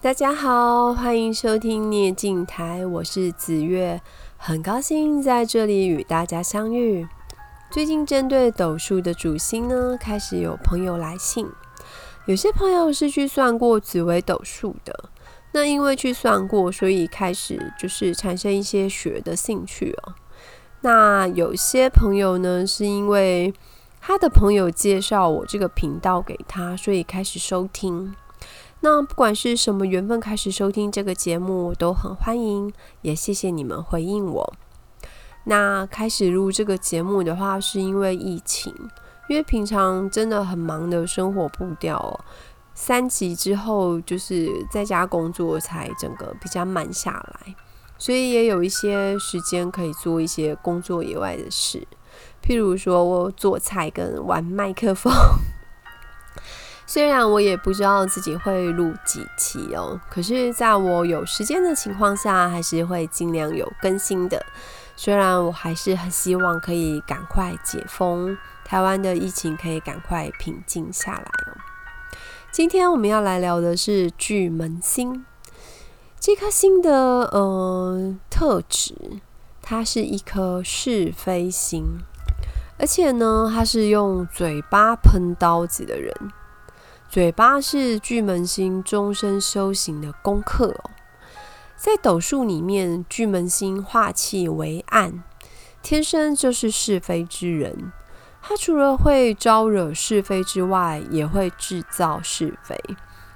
大家好，歡迎收聽聶鏡台，我是紫玥，很高興在這裡與大家相遇。最近針對斗數的主星呢，開始有朋友來信，有些朋友是去算過紫微斗數的，那因為去算過，所以開始就是產生一些學的興趣哦。那有些朋友呢，是因為他的朋友介紹我這個頻道給他，所以開始收聽。那不管是什麼緣分開始收聽這個節目，都很歡迎，也謝謝你們回應我。那開始錄這個節目的話，是因為疫情，因為平常真的很忙的生活步調哦。三級之後，就是在家工作，才整個比較慢下來，所以也有一些時間可以做一些工作以外的事，譬如說我做菜跟玩麥克風。雖然我也不知道自己會錄幾期哦，可是在我有時間的情況下，還是會盡量有更新的。雖然我還是很希望可以趕快解封，台灣的疫情可以趕快平靜下來哦。今天我們要來聊的是巨門星，這顆星的呃特質，它是一顆是非星，而且呢，它是用嘴巴噴刀子的人。嘴巴是巨門星終身修行的功課哦，在斗數裡面，巨門星化氣為暗，天生就是是非之人。他除了會招惹是非之外，也會制造是非，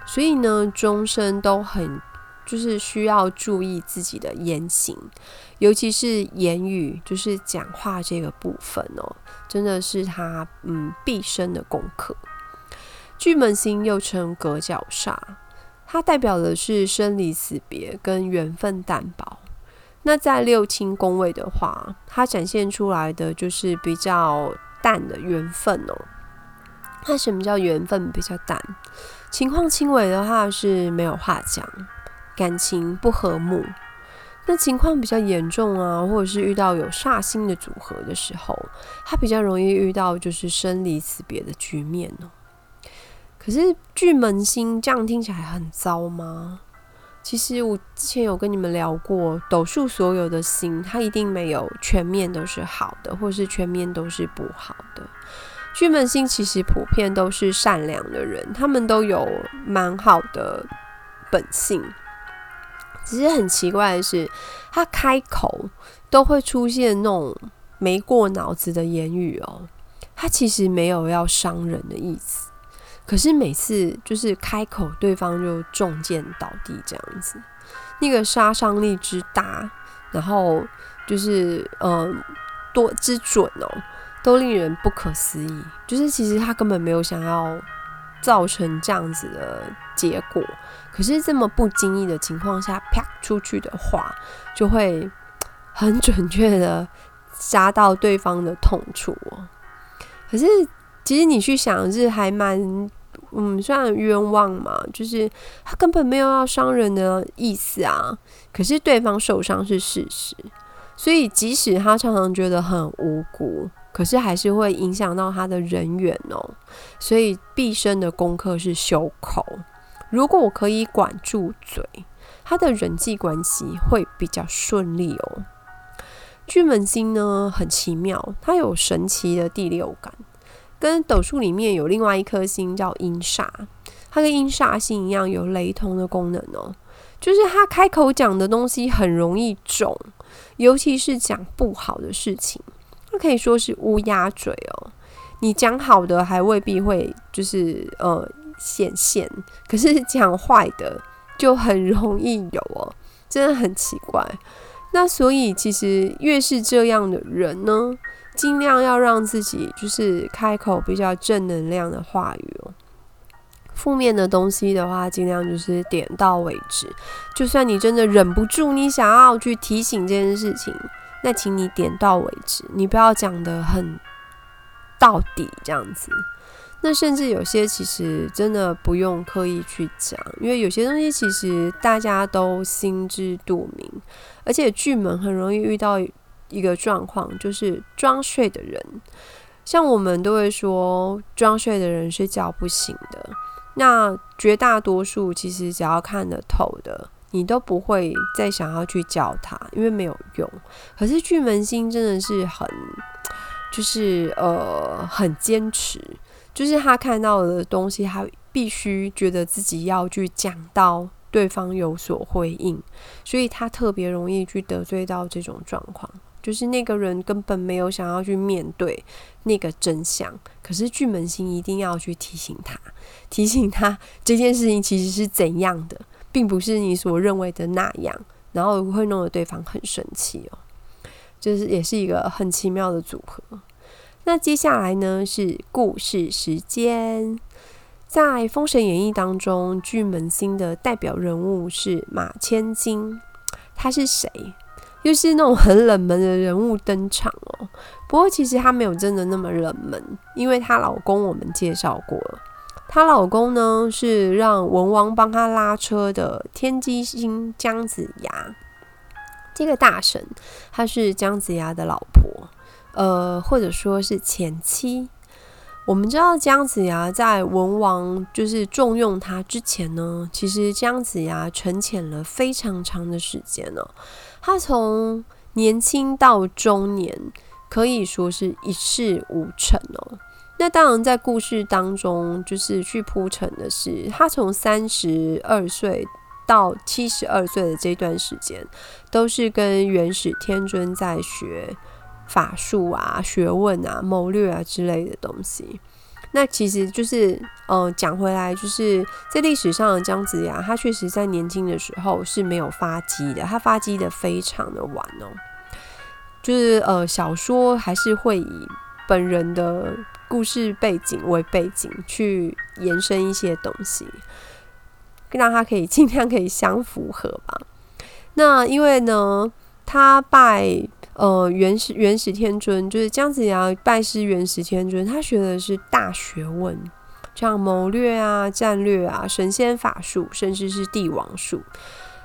所以呢，終身都很就是需要注意自己的言行，尤其是言語，就是講話這個部分哦，真的是他嗯畢生的功課。巨門星又稱隔角煞，它代表的是生離死別跟緣分淡薄。那在六親宮位的話，它展現出來的就是比較淡的緣分哦、喔。那什麼叫緣分比較淡？情況輕微的話是沒有話講，感情不和睦。那情況比較嚴重啊，或者是遇到有煞星的組合的時候，它比較容易遇到就是生離死別的局面哦、喔。可是巨門星這樣聽起來很糟嗎？其實我之前有跟你們聊過，斗數所有的星，它一定沒有全面都是好的，或是全面都是不好的。巨門星其實普遍都是善良的人，他們都有蠻好的本性。只是很奇怪的是，他開口都會出現那種沒過腦子的言語哦，他其實沒有要傷人的意思。可是每次就是開口，對方就中箭倒地這樣子，那個殺傷力之大，然後就是呃、嗯、多之準哦，喔，都令人不可思議。就是其實他根本沒有想要造成這樣子的結果，可是這麼不經意的情況下啪出去的話，就會很準確的扎到對方的痛處哦，喔。可是其實你去想，是還蠻。嗯，雖然冤枉嘛，就是他根本沒有要傷人的意思啊，可是對方受傷是事實，所以即使他常常覺得很無辜，可是還是會影響到他的人緣喔。所以畢生的功課是修口，如果我可以管住嘴，他的人際關係會比較順利喔。巨門星呢，很奇妙，它有神奇的第六感。跟斗數裡面有另外一顆星叫陰煞，它跟陰煞星一樣有雷同的功能哦、喔，就是他開口講的東西很容易中，尤其是講不好的事情，那可以說是烏鴉嘴哦、喔。你講好的還未必會就是呃顯現，可是講壞的就很容易有哦、喔，真的很奇怪。那所以其實越是這樣的人呢。盡量要讓自己就是開口比較正能量的話語哦。負面的東西的話，盡量就是點到為止。就算你真的忍不住，你想要去提醒這件事情，那請你點到為止，你不要講得很到底這樣子。那甚至有些其實真的不用刻意去講，因為有些東西其實大家都心知肚明，而且巨門很容易遇到。一個狀況，就是裝睡的人。像我們都會說，裝睡的人是叫不醒的。那絕大多數其實只要看得透的，你都不會再想要去叫他，因為沒有用。可是巨門星真的是很就是呃，很堅持，就是他看到的東西，他必須覺得自己要去講到對方有所回應，所以他特別容易去得罪到這種狀況。就是那個人根本沒有想要去面對那個真相，可是巨門星一定要去提醒他，提醒他這件事情其實是怎樣的，並不是你所認為的那樣，然後會弄得對方很生氣哦。就是也是一個很奇妙的組合。那接下來呢是故事時間，在《封神演義》當中，巨門星的代表人物是馬千金，他是誰？又是那種很冷門的人物登場哦。不過其實他沒有真的那麼冷門，因為她老公我們介紹過了，她老公呢是讓文王幫他拉車的天機星姜子牙。這個大神，他是姜子牙的老婆，呃，或者說是前妻。我們知道姜子牙在文王就是重用他之前呢，其實姜子牙沉潛了非常長的時間呢、哦。他從年輕到中年，可以說是一事無成哦。那當然，在故事當中，就是去鋪陳的是，他從三十二歲到七十二歲的這段時間，都是跟元始天尊在學法術啊、學問啊、謀略啊之類的東西。那其實就是，嗯、呃，講回來，就是在歷史上的姜子牙，他確實在年輕的時候是沒有發跡的，他發跡的非常的晚哦。就是呃，小說還是會以本人的故事背景為背景去延伸一些東西，讓他可以盡量可以相符合吧。那因為呢，他拜。呃，元始元始天尊就是姜子牙拜師元始天尊，他學的是大學問，像謀略啊、戰略啊、神仙法術，甚至是帝王術，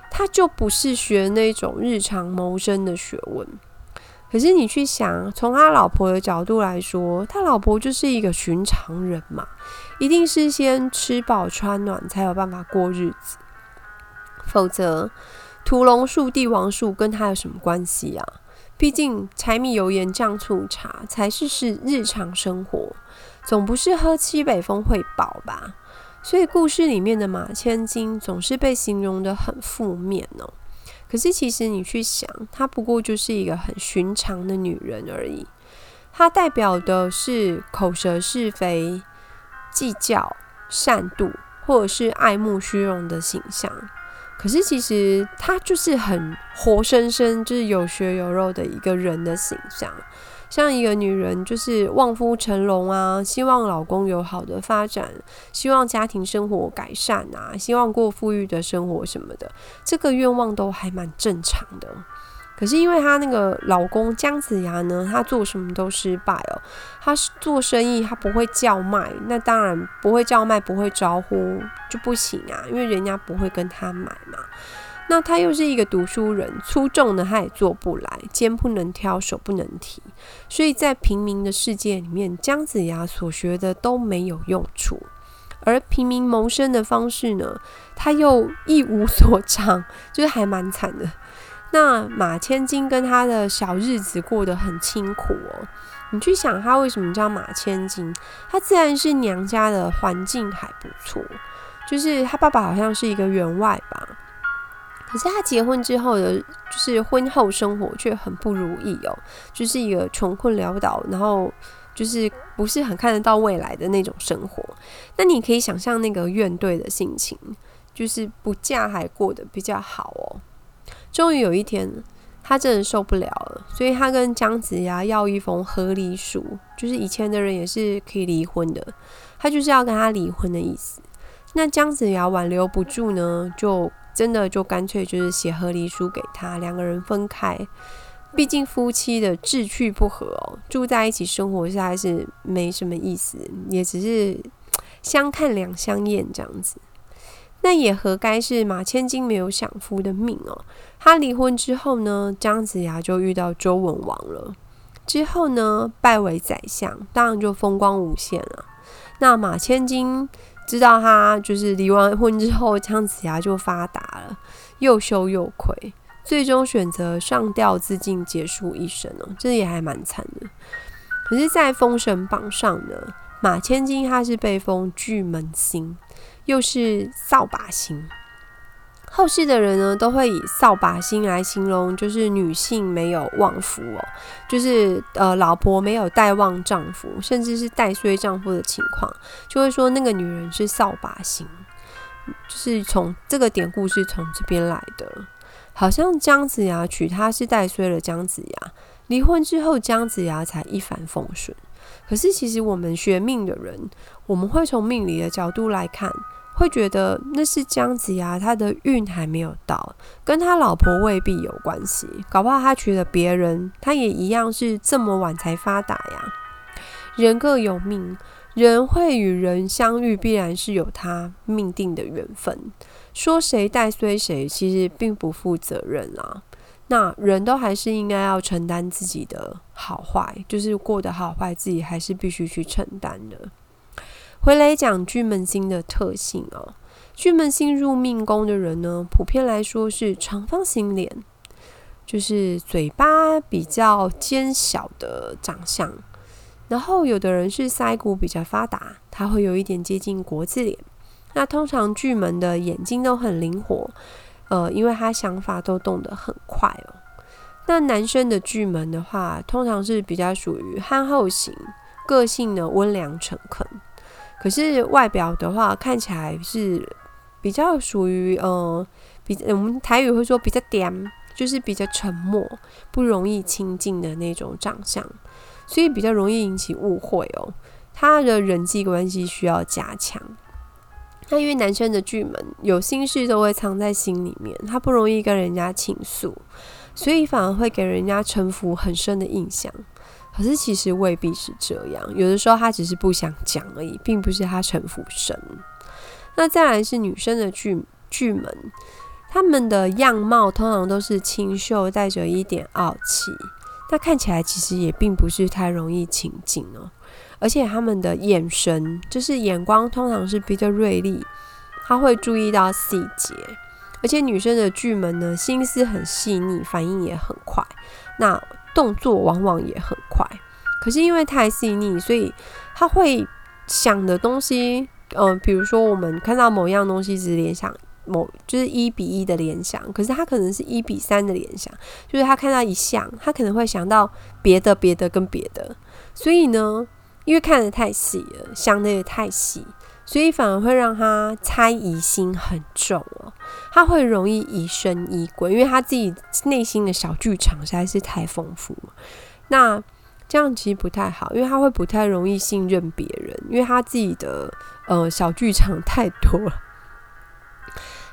他就不是學那種日常謀生的學問。可是你去想，從他老婆的角度來說，他老婆就是一個尋常人嘛，一定是先吃飽穿暖才有辦法過日子，否則屠龍術、帝王術跟他有什麼關係啊？畢竟柴米油鹽醬醋茶才是是日常生活，總不是喝西北風會飽吧？所以故事裡面的馬千金總是被形容得很負面哦。可是其實你去想，她不過就是一個很尋常的女人而已。她代表的是口舌是非、計較、善妒，或者是愛慕虛榮的形象。可是其實他就是很活生生，就是有血有肉的一個人的形象，像一個女人，就是望夫成龍啊，希望老公有好的發展，希望家庭生活改善啊，希望過富裕的生活什麼的，這個願望都還蠻正常的。可是因為她那個老公姜子牙呢，他做什麼都失敗哦。他是做生意，他不會叫賣，那當然不會叫賣，不會招呼就不行啊，因為人家不會跟他買嘛。那他又是一個讀書人，粗重的他也做不來，肩不能挑，手不能提，所以在平民的世界裡面，姜子牙所學的都沒有用處，而平民謀生的方式呢，他又一無所長，就是還蠻慘的。那馬千金跟他的小日子過得很清苦哦。你去想，他為什麼叫馬千金？他自然是娘家的環境還不錯，就是他爸爸好像是一個員外吧。可是他結婚之後的，就是婚後生活卻很不如意哦，就是一個窮困潦倒，然後就是不是很看得到未來的那種生活。那你可以想象那個怨懟的心情，就是不嫁還過得比較好哦。終於有一天，他真的受不了了，所以他跟姜子牙要一封和離書，就是以前的人也是可以離婚的，他就是要跟他離婚的意思。那姜子牙挽留不住呢，就真的就乾脆就是寫和離書給他，兩個人分開。畢竟夫妻的志趣不合，哦，住在一起生活下來是沒什麼意思，也只是相看兩相厭這樣子。那也合該是馬千金沒有享夫的命哦。他離婚之後呢，姜子牙就遇到周文王了。之後呢，拜為宰相，當然就風光無限了。那馬千金知道他就是離完婚之後，姜子牙就發達了，又羞又愧，最終選擇上吊自盡，結束一生哦。這也還蠻慘的。可是，在封神榜上呢，馬千金他是被封巨門星。又是掃把星，後世的人呢，都會以掃把星來形容，就是女性沒有旺夫哦，就是呃老婆沒有帶旺丈夫，甚至是帶衰丈夫的情況，就會說那個女人是掃把星。就是從這個典故是從這邊來的，好像姜子牙娶她是帶衰了，姜子牙離婚之後，姜子牙才一帆風順。可是，其實我們學命的人，我們會從命理的角度來看，會覺得那是姜子牙，他的運還沒有到，跟他老婆未必有關係，搞不好他娶了別人，他也一樣是這麼晚才發達呀。人各有命，人會與人相遇，必然是有他命定的緣分。說誰帶衰誰，其實並不負責任啊。那人都還是應該要承擔自己的好壞，就是過得好壞，自己還是必須去承擔的。回來講巨門星的特性哦，巨門星入命宮的人呢，普遍來說是長方形臉，就是嘴巴比較尖小的長相，然後有的人是腮骨比較發達，他會有一點接近國字臉。那通常巨門的眼睛都很靈活。呃，因為他想法都動得很快哦。那男生的巨門的話，通常是比較屬於憨厚型，個性的溫良誠懇。可是外表的話，看起來是比較屬於呃，比我們、呃、台語會說比較點，就是比較沉默、不容易親近的那種長相，所以比較容易引起誤會哦。他的人際關係需要加強。那因為男生的巨門有心事都會藏在心裡面，他不容易跟人家傾訴，所以反而會給人家城府很深的印象。可是其實未必是這樣，有的時候他只是不想講而已，並不是他城府深。那再來是女生的巨巨門，他們的樣貌通常都是清秀，帶着一點傲氣，那看起來其實也並不是太容易親近哦。而且他們的眼神，就是眼光，通常是比較銳利，他會注意到細節。而且女生的巨門呢，心思很細膩，反應也很快，那動作往往也很快。可是因為太細膩，所以她會想的東西，嗯、呃，比如說我們看到某樣東西，只是聯想，某就是一比一的聯想，可是她可能是一比三的聯想，就是她看到一項，她可能會想到別的、別的跟別的。所以呢。因為看得太細了，想得也太細，所以反而會讓他猜疑心很重哦、喔。他會容易疑神疑鬼，因為他自己內心的小劇場實在是太豐富了。那這樣其實不太好，因為他會不太容易信任別人，因為他自己的呃小劇場太多了。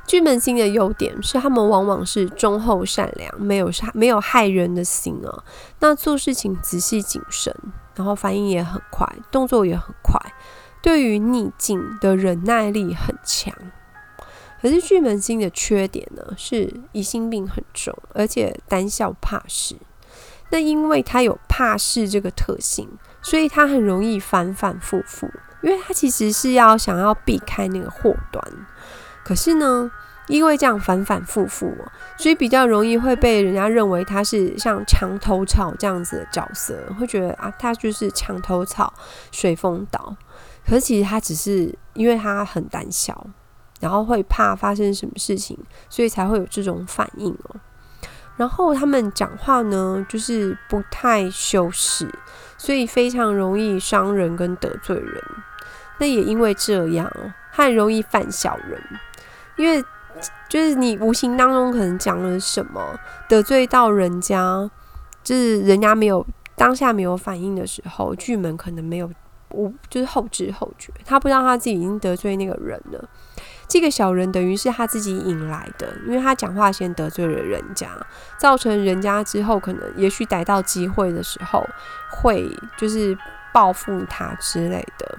巨門星的優點是，他們往往是忠厚善良，沒有沒有害人的心哦、喔，那做事情仔細謹慎。然後反應也很快，動作也很快，對於逆境的忍耐力很強。可是巨門星的缺點呢，是疑心病很重，而且膽小怕事。那因為他有怕事這個特性，所以他很容易反反复复，因為他其實是要想要避開那個禍端。可是呢，因為這樣反反復復哦，所以比較容易會被人家認為他是像牆頭草這樣子的角色，會覺得啊，他就是牆頭草，隨風倒。可是其實他只是因為他很膽小，然後會怕發生什麼事情，所以才會有這種反應哦。然後他們講話呢，就是不太修飾，所以非常容易傷人跟得罪人。那也因為這樣，他很容易犯小人，因為。就是你無形當中可能講了什麼得罪到人家，就是人家沒有當下沒有反應的時候，巨門可能沒有，就是後知後覺，他不知道他自己已經得罪那個人了。這個小人等於是他自己引來的，因為他講話先得罪了人家，造成人家之後可能也許逮到機會的時候會就是報復他之類的，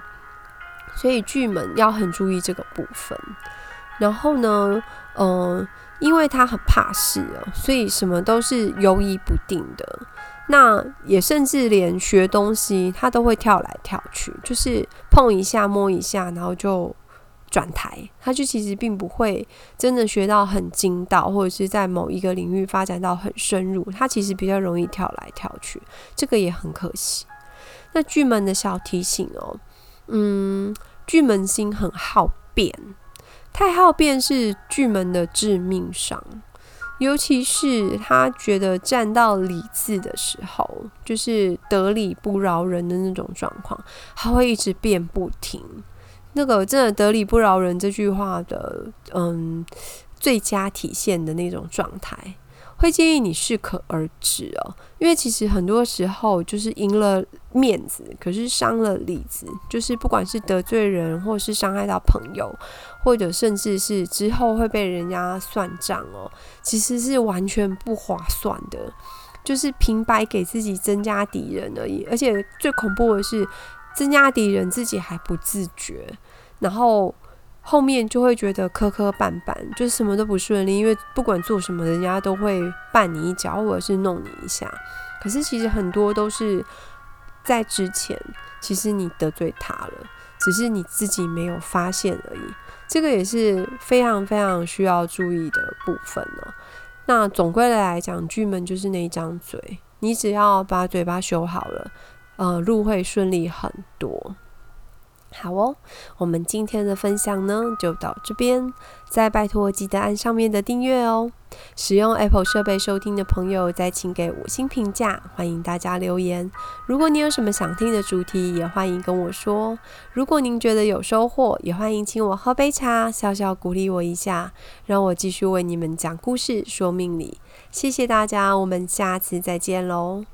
所以巨門要很注意這個部分。然後呢，嗯、呃，因為他很怕事哦，所以什麼都是猶疑不定的。那也甚至連學東西，他都會跳來跳去，就是碰一下、摸一下，然後就轉台。他就其實並不會真的學到很精到，或者是在某一個領域發展到很深入。他其實比較容易跳來跳去，這個也很可惜。那巨門的小提醒哦，嗯，巨門星很好辯。太好辯是巨門的致命傷，尤其是他覺得站到理字的時候，就是得理不饒人的那種狀況，他會一直辯不停，那個真的得理不饒人這句話的，嗯，最佳體現的那種狀態。會建議你適可而止哦，因為其實很多時候就是贏了面子，可是傷了裡子，就是不管是得罪人，或是傷害到朋友，或者甚至是之後會被人家算賬哦，其實是完全不划算的，就是平白給自己增加敵人而已。而且最恐怖的是，增加敵人自己還不自覺，然後。後面就會覺得磕磕絆絆，就是什麼都不順利，因為不管做什麼，人家都會絆你一腳，或者是弄你一下。可是其實很多都是在之前，其實你得罪他了，只是你自己沒有發現而已。這個也是非常非常需要注意的部分了。那總歸的來講，巨門就是那一張嘴，你只要把嘴巴修好了，呃，路會順利很多。好哦，我們今天的分享呢就到這邊。再拜託記得按上面的訂閱哦。使用 Apple 設備收聽的朋友再請給五星評價。歡迎大家留言。如果你有什麼想聽的主題，也歡迎跟我說。如果您覺得有收穫，也歡迎請我喝杯茶，小小鼓勵我一下，讓我繼續為你們講故事、說命理。謝謝大家，我們下次再見嘍。